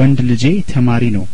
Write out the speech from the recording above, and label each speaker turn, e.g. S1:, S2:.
S1: ወንድ ልጄ ተማሪ ነው